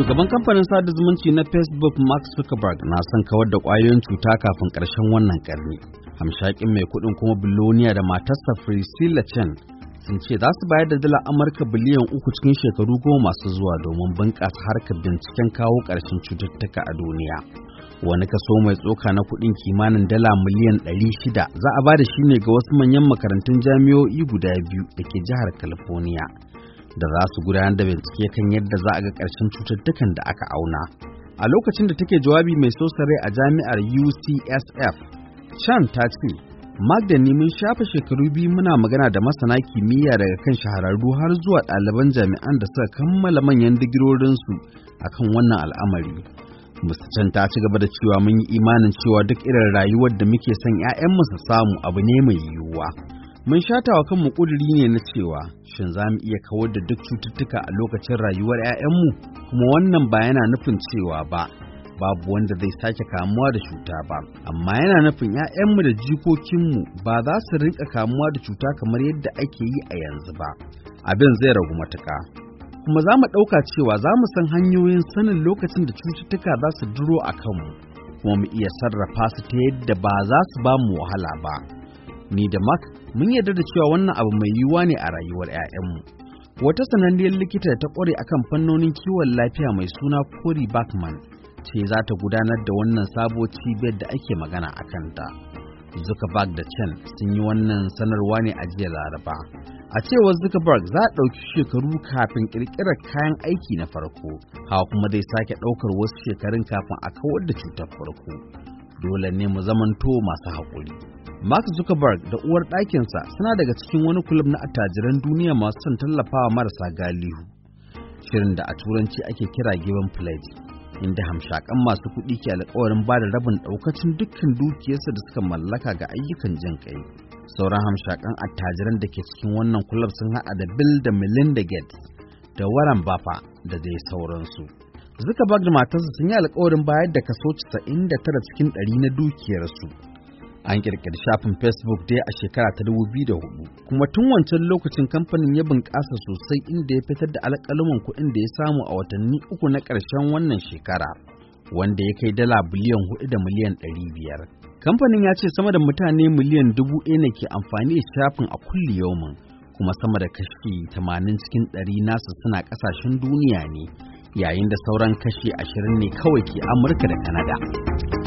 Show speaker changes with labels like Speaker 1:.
Speaker 1: Shugaban kamfanin sada zumunci na Facebook Mark Zuckerberg na son kawar da ƙwayoyin cuta kafin ƙarshen wannan ƙarni. Hamshakin mai kuɗin kuma biloniya da matarsa Priscilla Chen sun ce za su bayar da dala Amurka biliyan uku cikin shekaru goma masu zuwa domin bunƙasa harkar binciken kawo ƙarshen cututtuka a duniya. Wani kaso mai tsoka na kuɗin kimanin dala miliyan ɗari shida za a ba da shi ne ga wasu manyan makarantun jami'o'i guda biyu da ke jihar California. da za su gudanar da bincike kan yadda za a ga ƙarshen cututtukan da aka auna. A lokacin da take jawabi mai sosare a jami'ar UCSF, Chan ta ce, magani mun shafe shekaru biyu muna magana da masana kimiyya daga kan shahararru har zuwa ɗaliban jami'an da suka kammala manyan digirorinsu akan wannan al'amari. Mr. Chan ta ci gaba da cewa mun yi imanin cewa duk irin rayuwar da muke son mu su samu abu ne mai yiwuwa. Mun shata wa kanmu ƙuduri ne na cewa shin za mu iya kawar da duk cututtuka a lokacin rayuwar 'ya'yanmu kuma wannan ba yana nufin cewa ba babu wanda zai sake kamuwa da cuta ba amma yana nufin 'ya'yanmu da jikokinmu ba za su rinka kamuwa da cuta kamar yadda ake yi a yanzu ba abin zai ragu matuka kuma za mu ɗauka cewa za mu san hanyoyin sanin lokacin da cututtuka za su duro a kanmu kuma mu iya sarrafa su ta yadda ba za su ba mu wahala ba. ni da Mark mun yarda da cewa wannan abu mai yiwuwa ne a rayuwar 'ya'yanmu. Wata sananniyar likita ta ƙware akan fannonin kiwon lafiya mai suna Cory Bachman ce za ta gudanar da wannan sabo cibiyar da ake magana a kanta. Zuckerberg da Chen sun yi wannan sanarwa ne a jiya Laraba. A cewar Zuckerberg za a ɗauki shekaru kafin ƙirƙirar kayan aiki na farko, hawa kuma zai sake ɗaukar wasu shekarun kafin a kawar da cutar farko. Dole ne mu zamanto masu haƙuri. Mark Zuckerberg da uwar ɗakinsa suna daga cikin wani kulub na attajiran duniya masu son tallafawa marasa galihu. Shirin da a turanci ake kira Given Pledge, inda hamshakan masu kuɗi ke alƙawarin ba da rabin ɗaukacin dukkan dukiyarsa da suka mallaka ga ayyukan jin kai. Sauran hamshakan attajiran da ke cikin wannan kulub sun haɗa da Bill da Melinda Gates da Warren Buffett da dai sauransu. Zuckerberg da matarsa sun yi alƙawarin bayar da kaso 99 cikin ɗari na dukiyarsu. An kirkiri shafin Facebook dai a shekara ta 2004, kuma tun wancan lokacin kamfanin ya bunƙasa sosai inda ya fitar da alƙaluman kuɗin da ya samu a watanni uku na ƙarshen wannan shekara, wanda ya kai dala biliyan hudu da miliyan ɗari biyar. Kamfanin ya ce sama da mutane miliyan dubu ɗaya ne ke amfani da shafin a kulli yaumin, kuma sama da kashi 80 cikin ɗari nasu suna ƙasashen duniya ne, yayin da sauran kashi ashirin ne kawai ke Amurka da Kanada.